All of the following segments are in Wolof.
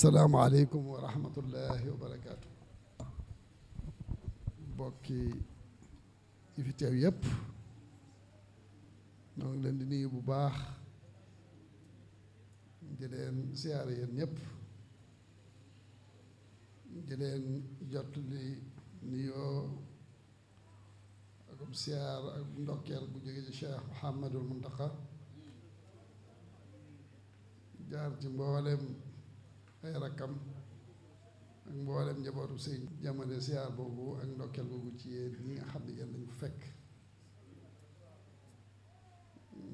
asalaamualeykum wa rahmatullahi wa barakaatu bokki yi fi teew yépp ñoo leen di nuyu bu baax di leen siyaare yéen ñépp jot li nuyoo akum siyaar ak ndokkeel bu jóge ci Cheikh Mouhamadul Muntaqa jaar ci mboolem ay rakkam ak mboolem njabootu sëñ jamono siyaar boobu ak ndokkeel boobu ci yéen ñi nga xam ne yéen lañu fekk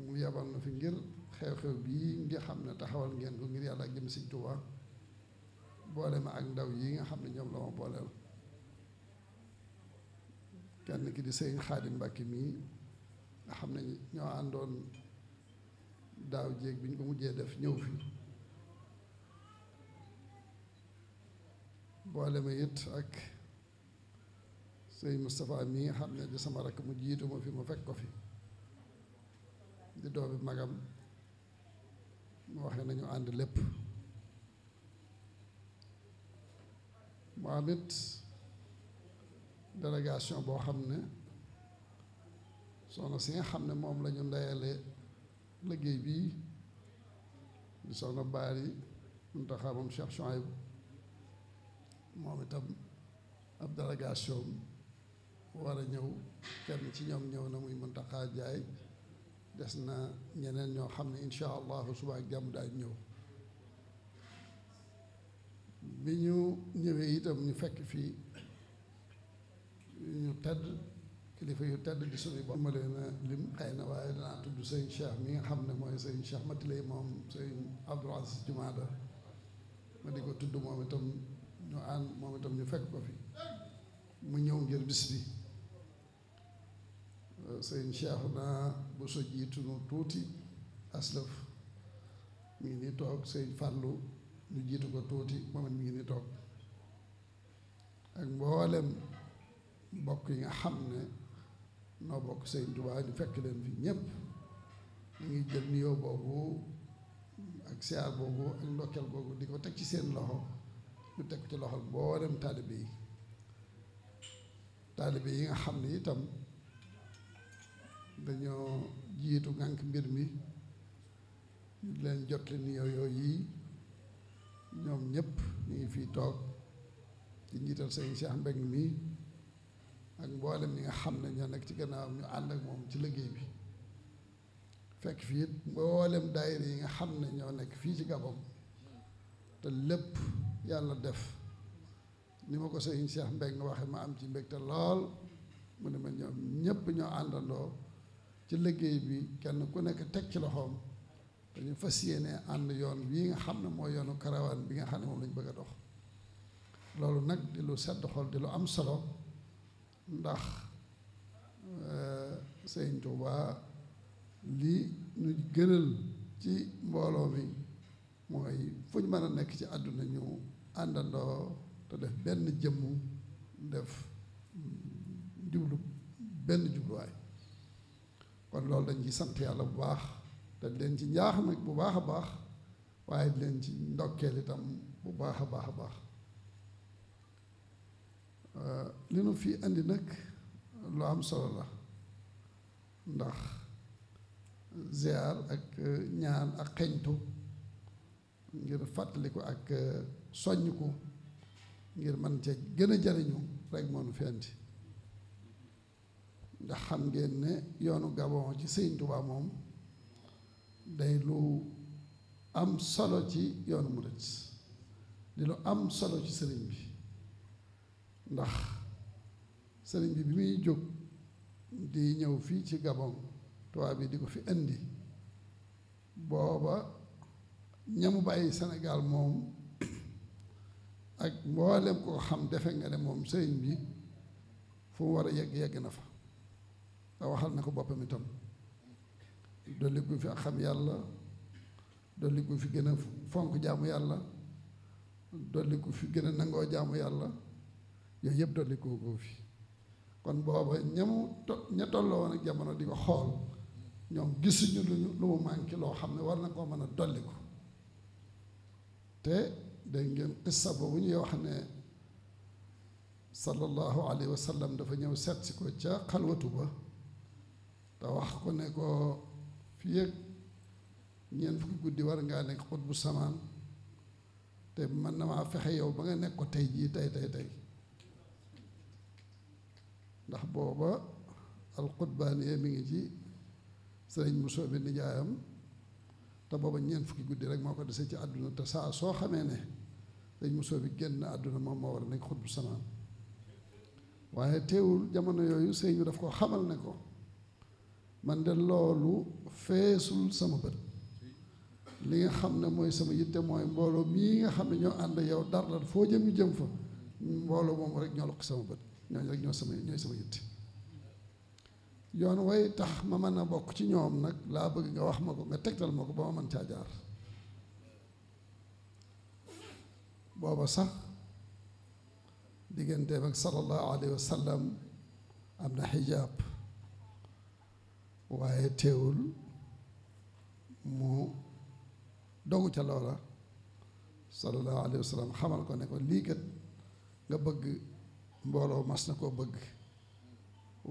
mu yabal na fi ngir xew-xew bii nga xam ne taxawal ngeen ko ngir yàlla ak jëm sëñ Tuubaa boole ma ak ndaw yi nga xam ne ñoom la ma booleel kenn ki di sëñ Xaadim Mbàkke mii nga xam ne ñoo àndoon daaw jéeg bi ñu ko mujjee def ñëw fi boole ma it ak sëñ Moustapha mi nga xam ne di sama rakk mu jiitu ma fi mu fekk ko fi di doomi magam mu waxe nañu ànd lépp mu am it délégation boo xam ne soxna si nga xam ne moom lañu ñu ndeyale liggéey bii di soxna baari Muntaxa moom Cheikh Chouaïb moom itam ab délégation war a ñëw kenn ci ñoom ñëw na muy Muntaxa Jaay des na ñeneen ñoo xam ne incha allahu suba ak jàmm daal ñëw bi ñu ñëwee itam ñu fekk fii ñu tedd kilifa yu tedd di suñu bopp ma leen a lim xëy na waaye danaa tudd sëñ Cheikh mi nga xam ne mooy sëñ Cheikh Matilay moom sëñ Abdoul Aziz Jumaada ma di ko tudd moom itam ñu ànd moom itam ñu fekk ko fi mu ñëw ngir bis bi sëñ Cheikh naa bu so jiitunu tuuti aslëf mi ngi ni toog sëñ Fàllu ñu jiitu ko tuuti moom it mi ngi ni toog ak mboolem mbokk yi nga xam ne noo bokk sëñ Tuubaa ñu fekk leen fi ñépp ñu ngi jël nuyoo boobu ak siyaar boobu ak ndokkeel boobu di ko teg ci seen loxo ñu teg ci loxol mboolem taalibe yi taalibe yi nga xam ne itam dañoo jiitu ngànk mbir mi ñu leen jot li yooyu yi ñoom ñëpp ñu ngi fii toog ci njiital sëñ Cheikh Mbeng mi ak mboolem ñi nga xam ne ñoo nekk ci gannaaw ñu ànd ak moom ci liggéey bi fekk fii it mboolem daayira yi nga xam ne ñoo nekk fii ci Gabon te lépp yàlla def ni ma ko sëriñ Cheikh Mbeng waxe ma am ci mbégte lool mu ne ma ñoom ñépp ñoo àndandoo ci liggéey bi kenn ku nekk teg ci loxoom dañu fas yéene ànd yoon bii nga xam ne mooy yoonu karawaan bi nga xam ne moom lañ bëgg a dox loolu nag di lu sedd xol di lu am solo ndax eh, Sëriñ Tuubaa li ñu gënal ci mbooloo mi mooy fu mën a nekk ci àdduna ñu àndandoo te def benn jëmm def jublu benn jubluwaay kon loolu dañ ci sant yàlla bu baax te leen ci njaax nag bu baax a baax waaye leen ci ndokkeel itam bu baax a baax a baax euh, li nu fi indi nag lu am solo la ndax ziar ak euh, ñaan ak xeñtu ngir fàttaliku ak euh, soññ ko ngir man cee gën a jariñu rek moonu fenti ndax xam ngeen ne yoonu Gabon ci Sëñ Tuubaa moom day lu am solo ci yoonu murit di lu am solo ci sëriñ bi ndax sëriñ bi bi muy jóg di ñëw fii ci Gabon tubaab bi di ko fi indi booba ñamu bàyyi senegal moom ak mboolem koo xam defe nga ne moom sëriñ bi fu mu war a yegg yegg na fa te waxal na ko boppam itam dolli gu fi ak xam yàlla dolli gu fi gën a fonk jaamu yàlla dolli gu fi gën a nangoo jaamu yàlla yooyu yëpp dolli fi kon booba ñamu to ña tolloo woon ak jamono di ko xool ñoom gisuñu lu mu manqué loo xam ne war na koo mën a dolli te dégg ngeen xissa bu ñuy wax ne sallallahu alayhi wa dafa ñëw seet si ko ca xalwatu ba te wax ko ne ko fii ak ñeent fukki guddi war ngaa nekk xut bu samaan te mën na maa fexe yow ba nga nekk ko tey jii tey tey tey ndax booba alxutbaaniye mi ngi ci sëriñ Musoo bi nijaayam te booba ñeent fukki guddi rek moo ko dese ci àdduna te saa soo xamee ne dañ mosoo bi génn àdduna moom moo war a nekk xutbu waaye teewul jamono yooyu sëñ bi daf ko xamal ne ko man de loolu feesul sama bët li nga xam ne mooy sama yitte mooy mbooloo mii nga xam ne ñoo ànd yow dara foo jëm jëm fa mbooloo moom rek ñoo lokk sama bët ñooñu rek ñoo sama ñooy sama yitte yoon way tax ma mën a bokk ci ñoom nag laa bëgg nga wax ma ko nga tegtal ma ko ba ma mën caa booba sax digganteem ak sallallahu alayhi wa am na xijaab waaye teewul mu dogu ca loola sallallahu alayhi wa sallam xamal ko ne ko lii kat nga bëgg mbooloo mas na koo bëgg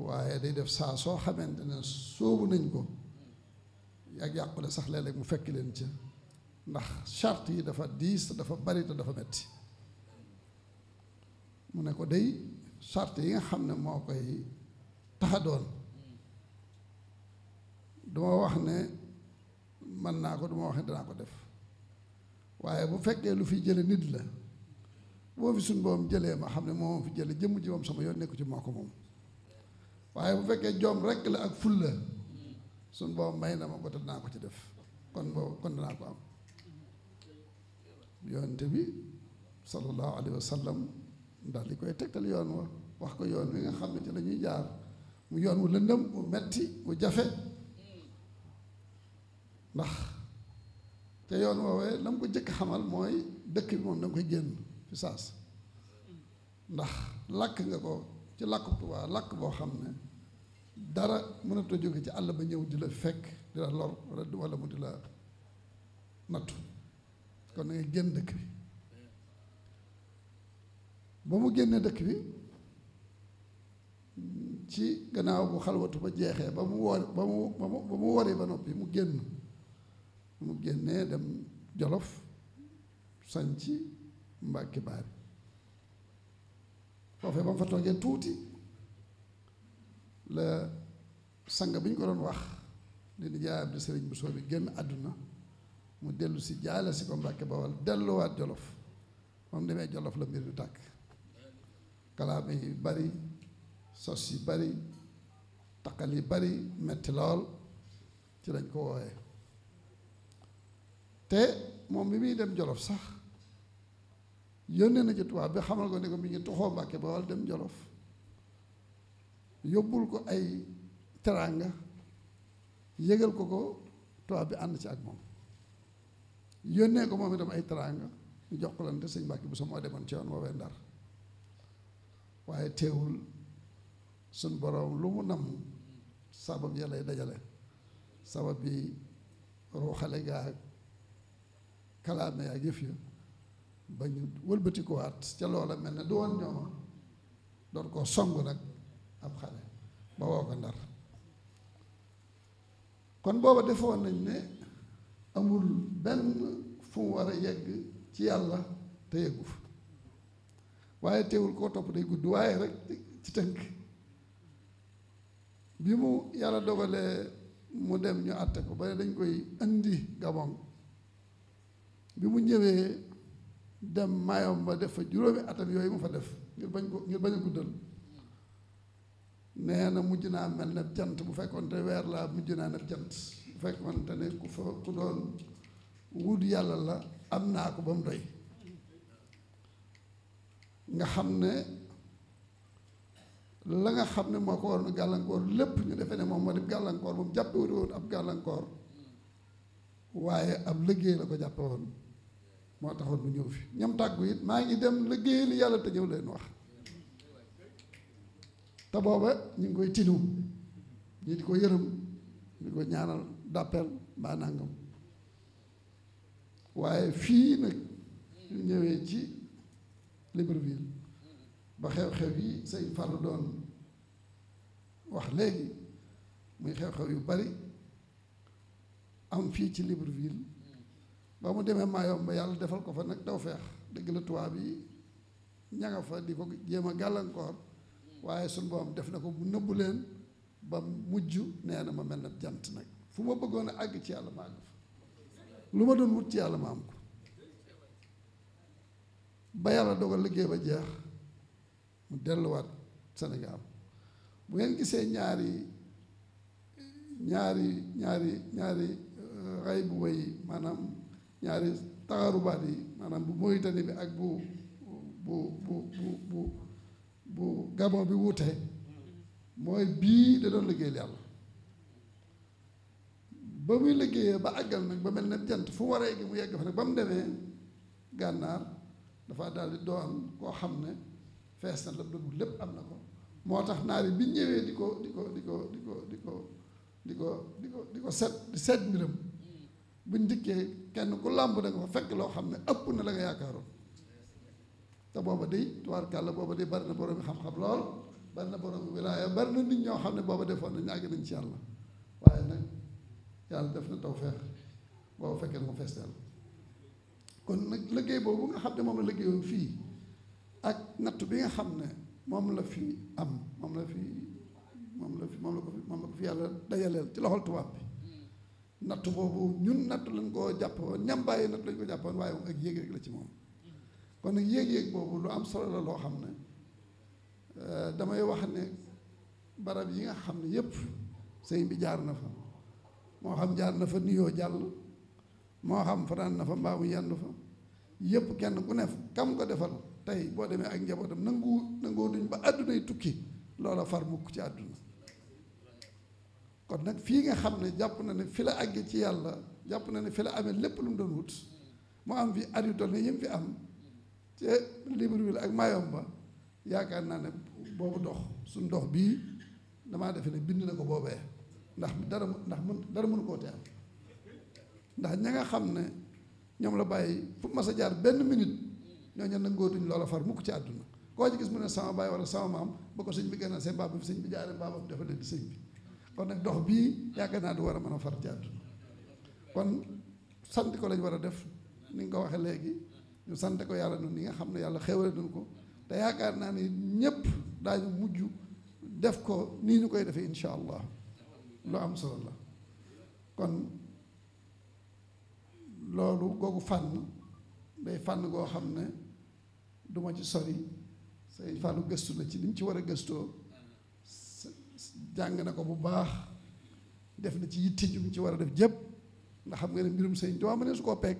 waaye day def saa soo xamante ne soobu nañ ko ak yàqule sax léeg-léeg mu fekk leen ca ndax charte yi dafa diis te dafa bari te dafa metti mu ne ko day charte yi nga xam ne moo koy taxadoon doon duma wax ne man naa ko duma wax ne danaa ko def waaye bu fekkee lu fi jële nit la boo fi suñ boom jëlee ma xam ne moo fi jële jëmm ji moom sama yoon nekku ci moo ko moom waaye bu fekkee jom rekk la ak fulla suñ boobu may na ma ko te ko ci def kon boobu kon dinaa ko am yoonte bi sallallahu alayhi wa sallam di koy tegtal yoon wa wax ko nga xam ne ci la ñuy jaar mu yoon wu lëndëm mu metti jafe ndax te yoon woowee ko jëkk xamal mooy dëkk bi moom da nga saas ndax làkk nga ko ci làkk Tuubaa làkk boo xam ne dara mënatoo jóge ci àll ba ñëw di la fekk di la lor wala mu di la nattu kon na génn dëkk bi ba mu génnee dëkk bi ci gannaaw bu xalwatu ba jeexee ba mu woor ba mu ba mu ba mu wari ba noppi mu génn mu génnee dem Jolof sanc Mbàkke Baari foofee ba mu fa toogee tuuti la sang bi ñu ko doon wax di nijaay Abdu Sëriñ Buso bi génn àdduna mu dellu si jaale si ko Mbàkke Bawal delluwaat Jolof moom demee Jolof la mbir mi tàkk kalaame yi bari sos yi bari taqal yi bari metti lool ci lañ ko wooye te moom bi muy dem Jolof sax yónnee na ci tubaab bi xamal ko ne bi ñu ngi toxoo Mbàkke Bawal dem Jolof yóbbul ko ay teraanga yëgal ko ko tubaab bi ànd ci ak moom yónnee ko moom itam ay teraanga ñu jox lan te sëñ Mbàkke bu sa moo demoon ci yoon woowee Ndar waaye teewul suñ boroom lu mu nam sabab yàlla dajale sabab bi ruuxale gaa kalaame yaa yëf ya ba ñu wëlbatikuwaat ca loola mel ne du woon ñooma doon koo song nag ab xale ba woo ko ndar kon booba defoon nañ ne amul benn fu mu war a yegg ci yàlla te yeggu fa waaye teewul koo topp day gudd waaye rek ci tënk bi mu yàlla dogalee mu dem ñu àtte ko ba dañ koy indi Gabon bi mu ñëwee dem Mayomba def fa juróomi atam yooyu mu fa def ngir bañ ko ngir bañ a guddal nee na mujj naa mel ne jant bu fekkoon te weer laa mujj naa ne jant bu fekkoon te ne ku fa ku doon wut yàlla la am naa ko ba mu doy nga xam ne la nga xam ne moo ko waroon gàllankoor lépp ñu defee ne moom moo di gàllankoor moom jàppe woon ab gàllankoor waaye ab liggéey la ko jàppe woon moo taxoon mu ñëw fi ñam tàggu it maa ngi dem liggéey li yàlla te ñëw leen wax te booba ñu ngi koy tinu ñi di ko yërëm di ko ñaanal dàppel mbaa nangam waaye fii nag ñu ñëwee ci Libreville ba xew-xew yi sëñ Fallou doon wax léegi muy xew-xew yu bari am fii ci Libreville ba mu demee Mayomba yàlla defal ko fa nag daw feex dëgg la tubaab yi ña nga fa di ko jéem gàllankoor waaye suñu borom def na ko bu nëbbu leen ba mujj nee na ma mel na jant nag fu ma bëggoon a àgg ci yàlla ma fa lu ma doon wut ci yàlla ma am ko ba yàlla dogal liggéey ba jeex mu delluwaat Sénégal mu ngeen gisee ñaari ñaari ñaari ñaari euh, ray bu way maanaam ñaari taxarubaat yi maanaam bu Mauritanie bi ak bu bu bu bu bu bu Gabon bi wuutee mooy bii da doon li yàlla ba muy liggéeyee ba àggal nag ba mel ne jant fu waree gi mu yegg fa nag ba mu demee gànnaar dafa daldi di doon koo xam ne fees na la doon lépp am na ko moo tax naar yi bi ñëwee di ko di ko di ko di ko di ko di ko di ko di ko seet di seet mbiram hmm. buñ dikkee kenn ku làmb da nga fa fekk loo xam ne ëpp na la nga yaakaaroon te booba day tubaarkàlla booba day barina na borom xam-xam lool bari na borom wilaaya bari na nit ñoo xam ne booba defoon nañu àgg nañ ci yàlla waaye nag yàlla def na tawfeex booba fekkee na mu fees dell kon nag liggéey boobu nga xam ne moom la liggéeyoon fii ak natt bi xam ne moom la fi am moom la fi moom la fi moom la ko fi moom la ko fi yàlla dajaleel ci loxol tubaab bi natt boobu ñun natt lañ koo jàppoon ñam bàyyi natt lañ ko jàppoon waaye moom ak yéeg rek la ci moom kon nag yéeg-yéeg lu am solo la loo xam ne euh, damay wax ne barab yi nga xam ne yépp sëñ bi jaar na moo xam jaar na fa nuyoo jàll moo xam fanaan na fa mbaamu yendu fa yépp kenn ku ne kam ko defal tey boo demee ak njabootam nangu nangoo duñ ba àddunay tukki loola far ci àdduna kon nag fii nga xam ne jàpp na ne fi la àgge ci yàlla jàpp na ne fi la amee lépp lu mu doon wut moo am fi at yu toll ne yim fi am ca Libreville ak ba yaakaar naa ne boobu dox suñ dox bii damaa defe ne bind na ko boobee ndax dara ndax mën dara mënu koo teel ndax ña nga xam ne ñoom la bàyyi fu ma a jaar benn minute ñoo ñen nangootuñ loola far mukk ci àdduna koo ci gis mu ne sama baay wala sama maam ba ko siñ bi gën a seen baab bi sëñ bi jaaree baabam dafa leen di sëñ bi kon nag dox bii yaakaar naa du war a mën a far ci àdduna kon sant ko war a def ni nga ko waxee léegi ñu sante ko yàlla noonu ñi nga xam ne yàlla xewale nañu ko te yaakaar naa ne ñépp daañu mujj def ko nii ñu koy defee incha allah lu am solo la kon loolu googu fànn day fànn goo xam ne du ci sol yi sëñ Fallou gëstu na ci ni mu ci war a gëstoo jàng na ko bu baax def na ci yitti ju mu ci war a def jëpp ndax xam nga ne mbirum sëñ Tuubaa ma ne su ko peeg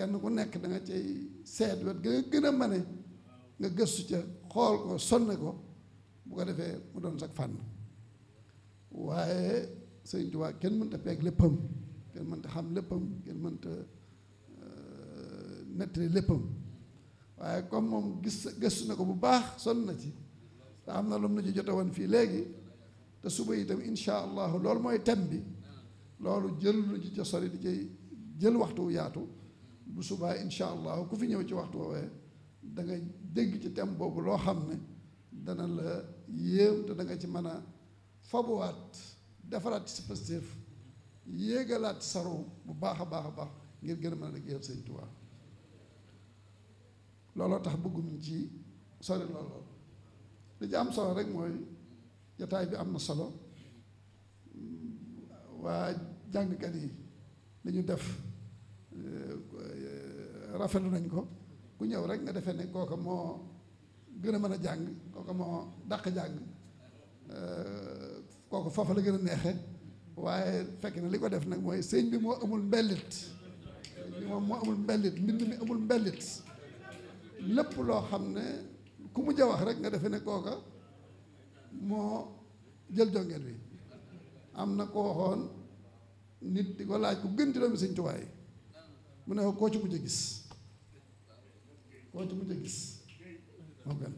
kenn ku nekk da nga cay seet wet ga nga gën a mane nga gëstu ca xool ko sonne ko bu ko defee mu doon sax fànn waaye sëñ Tuubaa kenn mënta peeg léppam kenn mënta xam léppam kenn mënta euh, nettali léppam waaye comme moom gis gëstu na ko bu baax sonn na ci te am na lu mu na ci jote woon fii léegi te suba itam insha allahu loolu mooy thème bi loolu jël lu ci ca sori di cay jël waxtu yaatu bu subaa incha allah ku fi ñëw ci waxtu woowee da dégg ci thème boobu loo xam ne dana la yéem te danga ci mën a fabuwaat defaraat ci sa yéegalaat saru bu baax a baax a baax ngir gën a mën a liggéeyal Sëñ Tuubaa looloo tax bëgguñ ci sori looloo li ci am solo rek mooy jataay bi am na solo waa jàngkat yi li ñu def Euh, euh, rafetlu nañ ko ku ñëw rek nga defee ne kooka moo gën a mën a jàng kooka moo dàq jàng euh, kooku foofa la gën a neexe waaye fekk na li ko def nag mooy sëñ bi moo amul mbellit sëñ moom moo amul mbellit mbind mi amul mbellit lépp loo xam ne ku mu jawax rek nga defe ne kooka moo jël jongeen bi am na ko waxoon nit di ko laaj ku gën ci doomi sëñ tuwaay mu ne ko koo ci mujj a gis koo ci mujj a gis moom benn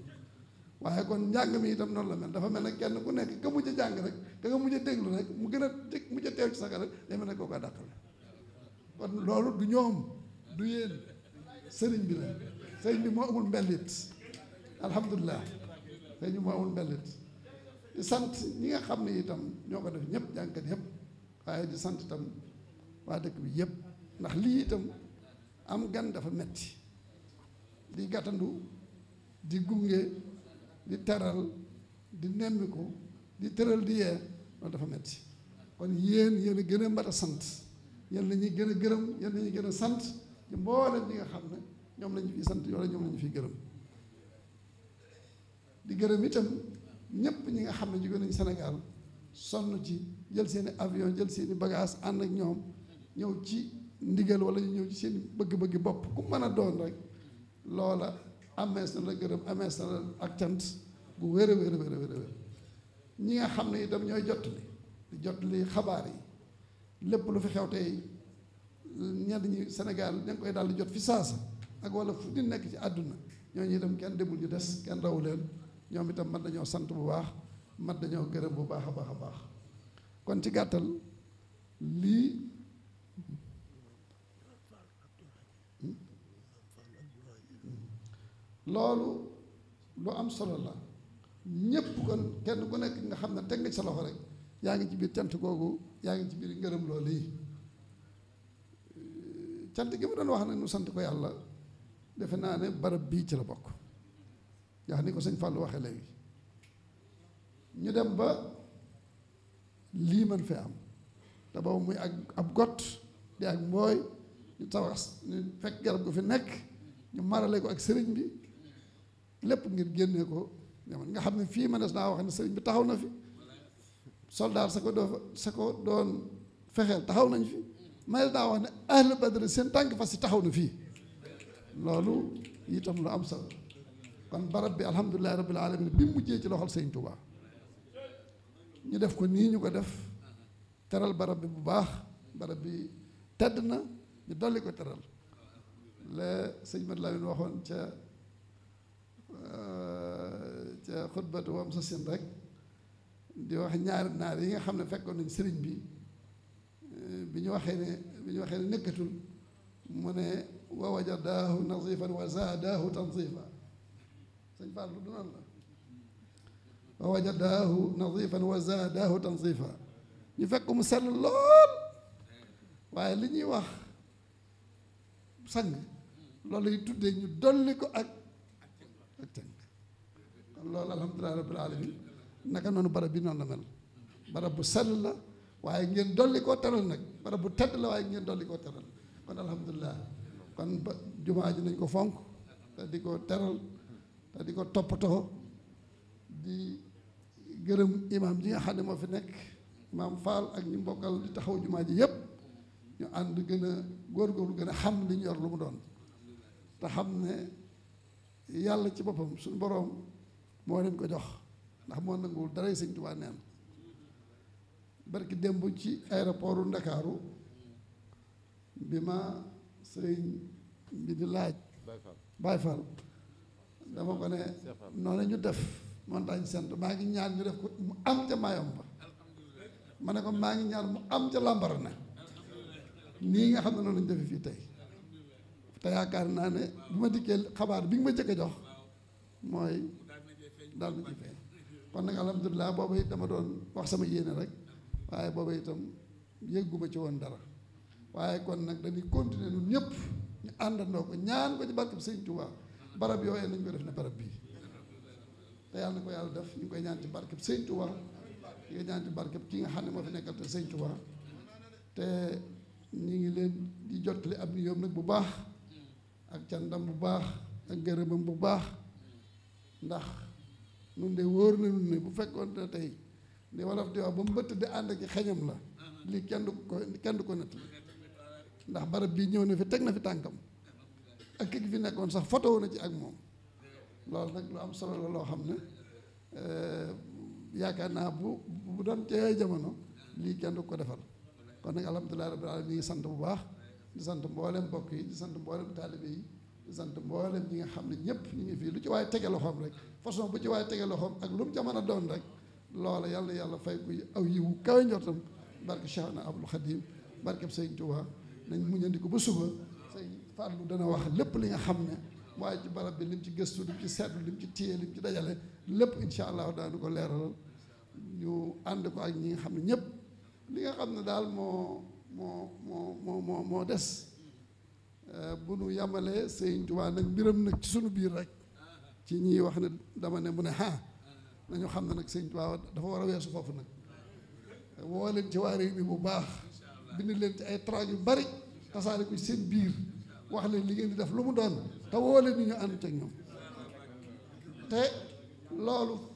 waaye kon njàng mi itam noonu la mel dafa mel ne kenn ku nekk ka mujj a jàng rek ka nga mujj a déglu rek mu gën a dég mujj a teew ci saga rek day mel ne koo koy dàqale kon loolu du ñoom du yéen sëriñ bi la sëriñ bi moo amul mbellit alhamdulilah sëriñ bi moo amul mbellit di sant ñi nga xam ne itam ñoo ko def ñëpp jàngkat yëpp waaye di sant itam waa dëkk bi yëpp ndax lii itam am gan dafa metti di gàttandu di gunge di teral di nemmiku di tëral di yee loolu dafa metti kon yéen yéen a gën a mbat a sant yéen lañuy gën a gërëm yéen la gën a sant ci mboolem ñi nga xam ne ñoom lañu fi sant yoola ñoom lañu fi gërëm di gërëm itam ñépp ñi nga xam ne jóge nañu Sénégal sonn ci jël seeni avion jël seeni bagage ànd ak ñoom ñëw ci ndigal wala ñu ñëw ci seen bëgg-bëggi bopp ku mën a doon rek loola amees na la gërëm amees na la ak cant bu wér a wér a ñi nga xam ne itam ñooy jot li jot li xabaar yi lépp lu fi xew tey ñenn ñi Sénégal ña ngi koy daal di jot fi saasa ak wala fu di nekk ci àdduna ñooñu itam kenn demul ñu des kenn rawu leen ñoom itam man dañoo sant bu baax mat dañoo gërëm bu baax a baax a baax kon ci gàttal lii loolu lu am solo la ñëpp ko kenn ku nekk nga xam ne teg nga sa loxo rek yaa ngi ci biir cant kooku yaa ngi ci biir ngërëm loolu yi cant gi mu doon wax nag nu sant ko yàlla defe naa ne barab bii ci la bokk yaa ni ko sëñ Fallou waxee léegi ñu dem ba lii man fee am te boobu muy ak ab got di ak mbooy ñu tabax ñu fekk garab gu fi nekk ñu marale ko ak sëriñ bi lépp ngir génnee ko nga xam ne fii mënees naa wax ne sëriñ bi taxaw na fi soldaar sa ko doo sa ko doon fexeel taxaw nañ fi mënees naa wax ne ahlu badri seen tànk fas yi taxaw na fii loolu itam lu am solo kon barab bi alhamdulilahi rabbil alamin bi mujjee ci loxol sëriñ Tuubaa ñu def ko nii ñu ko def teral barab bi bu baax barab bi tedd na ñu dolli ko teral la sëñ Mat Lamin waxoon ca Euh, ca xutbatu am sa sin rek di wax ñaari naar yi nga xam ne fekkoon nañ sëriñ bi euh, bi ñu waxee ne bi ñu waxee ne nekkatul mu ne wa wajadaahu nazifan wa zaadaahu tanzifa sëñ wa wajadaahu nazifan ñu fekk mu sell lool waaye li ñuy wax sang loolu yi tuddee ñu dolli ko ak ak tënk kon loolu alhamdulilah rabbil alamin naka noonu barab bi noonu la mel barab bu sell la waaye ngeen dolli koo teral nag barab bu tedd la waaye ngeen dolli koo teral kon alhamdulilah kon ba jumaa ji nañ ko fonk te di ko teral te di ko toppatoo di gërëm imaam ji nga xam ne moo fi nekk imaam Fall ak ñu mbokkal di taxaw jumaa ji yépp ñu ànd gën a góorgóorlu gën a xam li ñu lu mu doon te xam ne yàlla ci boppam suñu boroom moo leen ko jox ndax moo nanguwul daray sëñ Tuubaa neen barki démb ci aéroportu Ndakaaru bi ma sëñ bi di laaj Baay Faal dama ko ne noonu ñu def montagne sent maa ngi ñaar ñu def ko mu am ca Mayomba ma ne ko maa ngi ñaar mu am ca na nii nga xam ne noonu lañ defe fii tey te yaakaar naa ne bu ma dikkee xabaar bi nga ma jëkk jox mooy daal na ci feeñ kon nag alhamdulilah booba it dama doon wax sama yéene rek waaye booba itam yëgguma ci woon dara waaye kon nag dañuy continuer ñun ñëpp ñu àndandoo ko ñaan ko ci barkeb Sëñ Tuubaa barab yooyee nañ ko def ne barab bii te yàlla na ko yàlla def ñu koy ñaan ci barkeb Sëñ waa ñu ngi ñaan ci barkeb ki nga xam ne moo fi nekkal te Sëñ Tuubaa te ñu ngi leen di jottali ab ni nag bu baax ak cantam bu baax ak gërëmam bu baax ndax nun de wóor na nun ne bu fekkoon ne tey li wolof di wax ba mu di ànd ak xeñam la lii kenn du ko kenn du ko nett ndax barab bii ñëw na fi teg na fi tànkam ak ki fi nekkoon sax fotowu na ci ak moom loolu nag lu am solo la loo xam ne eh, yaakaar naa bu bu doon ci yooyu jamono lii kenn du ko defal kon nag alhamdulilah rabbil alamin ñu sant bu baax di sant mboolem mbokk yi di sant mboolem taalibe yi di sant mboolem ñi nga xam ne ñëpp ñu ngi fii lu ci waaye tege loxoom rek façon bu ci waaye tege loxoom ak lu mu jamono doon rek loola yàlla yàlla fay ku aw yiwu kawe njortam barke Cheikh na Abdul Khadim barke Sëñ Tuubaa nañ ko ba suba sëñ Fàllu dana wax lépp li nga xam ne waaye ci barab bi lim ci gëstu lim ci li lim ci téye lim ci dajale lépp incha allah daanu ko leeralal ñu ànd ko ñi nga xam ne ñëpp li nga xam ne daal moo moo moo moo moo moo des euh, bu nu yamalee Sëriñ Tuubaa nag mbiram nag ci sunu biir rek ci ñii wax ne dama ne mu ne ah nañu xam na nag Sëriñ Tuubaa dafa war a su foofu nag woo leen ci waa réew mi bu baax bind leen ci ay traaj yu bari tasaare ko ci seen biir wax leen li ngeen di def lu mu doon te woo leen ñu ñu ànd ak ñoom te loolu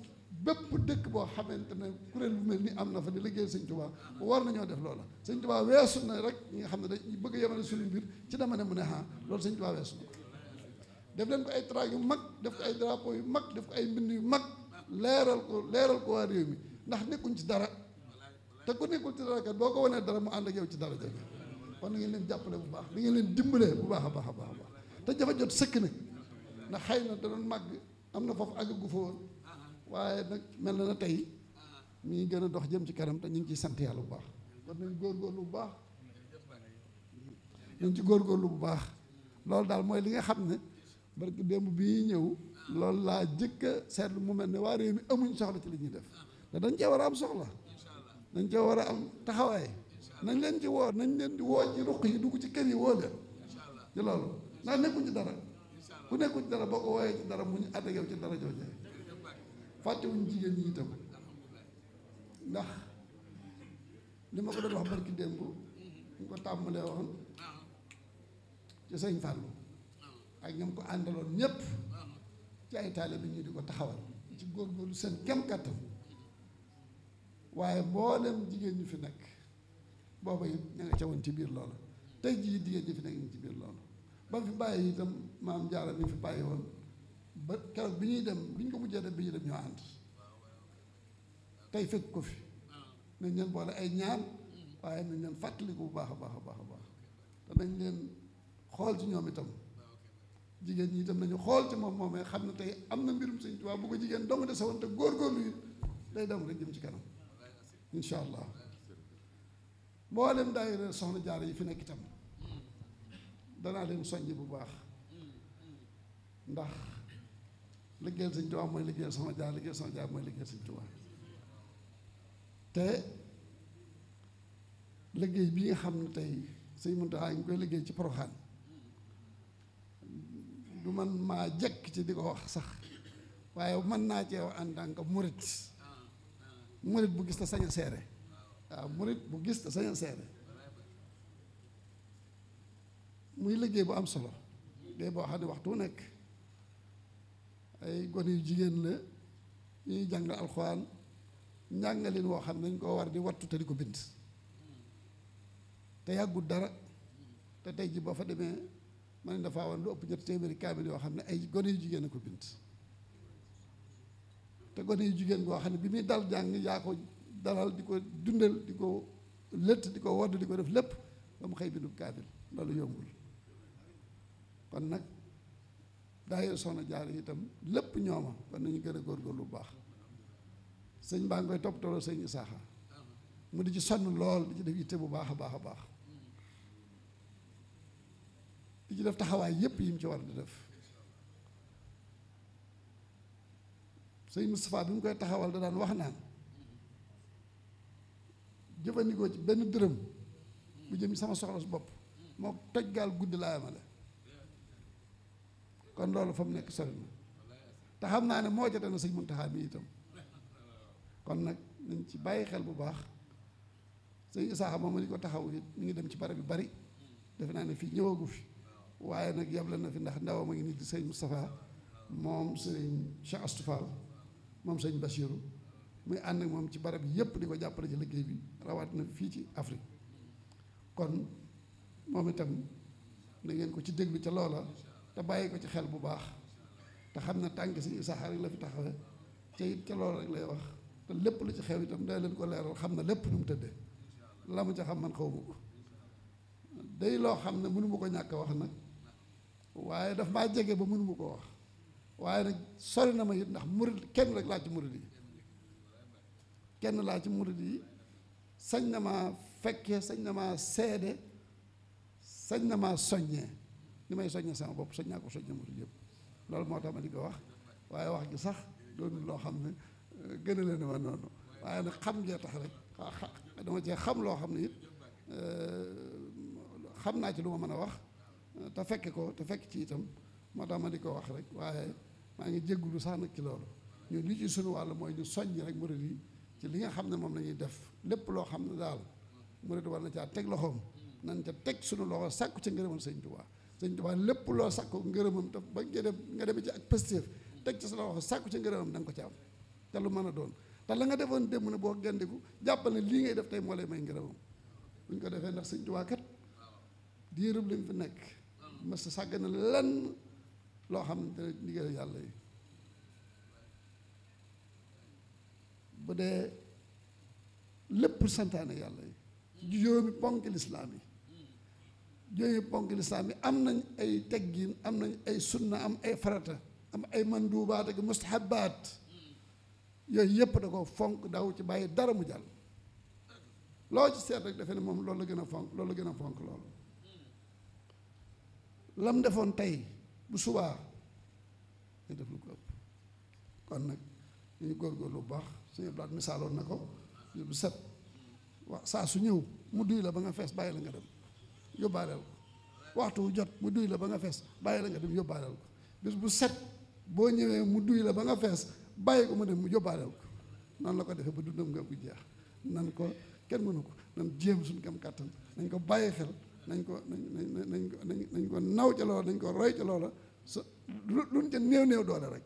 bépp dëkk boo xamante ne kuréel bu mel ni am na fa di liggéey sëñ Tuubaa war nañoo def loola sëñ Tuubaa weesu na rek ñi nga xam ne dañuy bëgg a yemale suñu mbir ci dama ne mu ne loolu sëñ Tuubaa weesu na ko def ko ay traag yu mag def ay drapeau yu mag def ko ay mbind yu mag leeral leeral ko waa réew mi ndax nekkuñ ci dara te ku nekkul ci dara boo ko wanee dara mu ànd ak yow ci dara jafe na ngeen leen jàppale bu baax na ngeen leen dimbalee bu baax a baax a baax te jafe jot sëkk na ndax xëy na da doon màgg am na foofu àgg gu fa woon waaye nag mel na na tey uh-huh. mi ngi gën a dox jëm ci kanam te ñu ngi ciy sant yàlla bu baax war nañ góorgóorlu bu baax ñu ngi ci góorlu bu baax loolu daal mooy li nga xam ne barki démb bii ñëw uh-huh. lool laa jëkk a seetlu mu mel ne waa réew mi amuñ soxla ci li ñuy def uh-huh. te dañ cee war a am soxla dañ cee war a am taxawaay nañ leen ci woo nañ leen di woo ci ruq yi dugg ci kër yi woo leen ci loolu ndax nekkuñ ci dara ku nekkuñ ci dara boo ko wooyee ci dara mu ñu àtte ci dara joojee fàttewuñ jigéen ñi itam ndax li ma ko doon wax barki démb ñu ko tàmbalee woon ci sëñ Fallou ak ñoom ko àndaloon ñépp ci ay taale bi ñu di ko taxawal ci góorgóorlu seen kem kàttan waaye boo mboolem jigéen ñu fi nekk booba it ña nga ca woon ci biir loolu tey jii jigéen ñi fi nekk ñu ci biir loolu ba fi bàyyi itam maam Jaara ñu fi bàyyi woon ba keroog bi ñuy dem bi ñu ko mujjee dem bi ñuy dem ñoo ànd tey fekk ko fi nañ leen boole ay ñaan waaye nañ leen fàttaliku bu baax a baax a baax a baax danañ leen xool ci ñoom itam jigéen ñi itam nañu xool ci moom moomee xam ne tey am na mbirum sëñ Tuubaa bu ko jigéen dong dese woon te góorgóorlu it day dem rek jëm ci kanam incha allah mboolem daayira soxna jaar yi fi nekk itam danaa leen soññ bu baax ndax liggéeyal sañ Tuubaa mooy liggéeyal soxna Jaara liggéeyal soxna Jaara mooy te liggéey bi xam ne tey sëñ Muntaxa ngi koy liggéey ci Poroxaan du man maa jekk ci di ko wax sax waaye mën naa cee wax en tant que bu gis te sañ a seere waaw murit bu gis te sañ a seere muy liggéey bu am solo liggéey boo xam ne waxtu nekk ay gone yu jigéen la ñuy jàng alxuraan njàngalin woo xam ne dañ koo war di wattu te di ko bind te yàggul dara te tey ji boo fa demee man dafaa woon lu ëpp ñetti téeméeri kaamil yoo xam ne ay gone yu jigéen a ko bind te gone jigéen goo xam ne bi muy dal jàng yaa ko dalal di ko dundal di ko lëtt di ko wodd di ko def lépp ba mu xëy bindub kaamil loolu yombul kon nag daayira Soxna Jaara itam lépp ñooma kon nañu gën a góorgóorlu lu baax sëñ baa ngi koy toppatoo sëñ Isaaxa mu di ci sonn lool di ci def yitte bu baax a baax a baax di ci def taxawaay yépp yi mu ci war di def sëñ Moustapha bi mu koy taxawal da daan wax naan jëfandikoo ci benn dërëm bu jëm sama soxla su bopp moo toj gaal gudd laa kon loolu fa mu nekk sori na te xam naa ne moo jote na sëñ Muntaxa bi itam kon nag nañ ci bàyyi xel bu baax sëñ Isaaxa moom li ko taxaw it mi ngi dem ci barab yu bari defe naa ne fii ñëwagu fi waaye nag yable na fi ndax ndawam a ngi nit di sëñ Moustapha moom sëñ Cheikh Astou moom sëñ Bassirou muy ànd ak moom ci barab yépp di ko jàppale ci liggéey bi rawaat na fii ci Afrique kon moom itam na ko ci bi ca loola te bàyyi ko ci xel bu baax te xam ne tànk si saxaar rek la fi taxawe ca it ca loolu rek lay wax te lépp lu ci xew itam day leen ko leeral xam na lépp nu mu la mu ca man xaw day loo xam ne mënu ma ko ñàkk wax nag waaye daf maa jege ba mënu ma wax waaye nag sori na ma it ndax murid kenn rek laa ci murid yi kenn laa ci murid yi sañ na maa fekkee sañ na maa seede sañ na maa soññee li may soññe sama bopp soñ naa ko soññe mu yëpp loolu moo tax ma di ko wax waaye wax gi sax doon loo xam ne euh, gën a leen ma noonu waaye nag xam jee tax rek dama cee xam loo xam ne it euh, xam naa ci lu mën a wax euh, te fekk ko te fekk ci itam moo tax ma di ko wax rek waaye maa ngi jéggulu sax nag ci loolu ñun li ci sunu wàll mooy ñu soññ rek murid yi ci li nga xam ne moom la ñuy def lépp loo xam ne daal murid war na caa teg loxoom nañ ca teg sunu loxo sàkku ca ngërëmal sëñ Tuubaa sëñ Tuubaa lépp loo sàkku ngërëmam te ba nga dem nga demee ci ak pëstéef teg ci sa loxo sàkku ci ngërëmam da nga ko ci am te lu mën a doon te la nga defoon démb ne boo gendiku jàppal ne lii ngay def tey moo lay may ngërëmam buñ ko defee ndax sëñ Tuubaa kat diirub li fi nekk mas sa sàgg na lenn loo xam ne ndigal yàlla yi bu dee lépp santaane yàlla yi juróomi ponk lislaam yi ñooñu ponk lislaam yi am nañ ay teggin am nañ ay sunna am ay farata am ay manduubaat ak mustahabaat yooyu yëpp da ko fonk daw ci bàyyi dara mu jàll loo ci seet rek defe ne moom loolu la gën a fonk loolu la gën a fonk loolu lam defoon tey bu subaa def ko kon nag ñu góorgóorlu bu baax su suñu blaat misaaloon na ko bu set wax saa su ñëw mu duy la ba nga fees bàyyi la nga dem yóbbaaleel ko waxtu wu jot mu duy la ba nga fees bàyyi la nga dem yóbbaaleel ko bis bu set boo ñëwee mu duy la ba nga fees bàyyi ko mu dem mu yóbbaaleel ko noonu la ko defee ba dundam nga ko jeex nan ko kenn mënu ko nan jéem suñ kam kàttan nañ ko bàyyi xel nañ ko nañ nañ nañ ko naw ca loola nañ ko roy ca loola sa luñ ca néew néew doole rek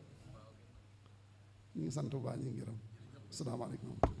ñu ngi sant bu baax ñu ngi gërëm asalaamaaleykum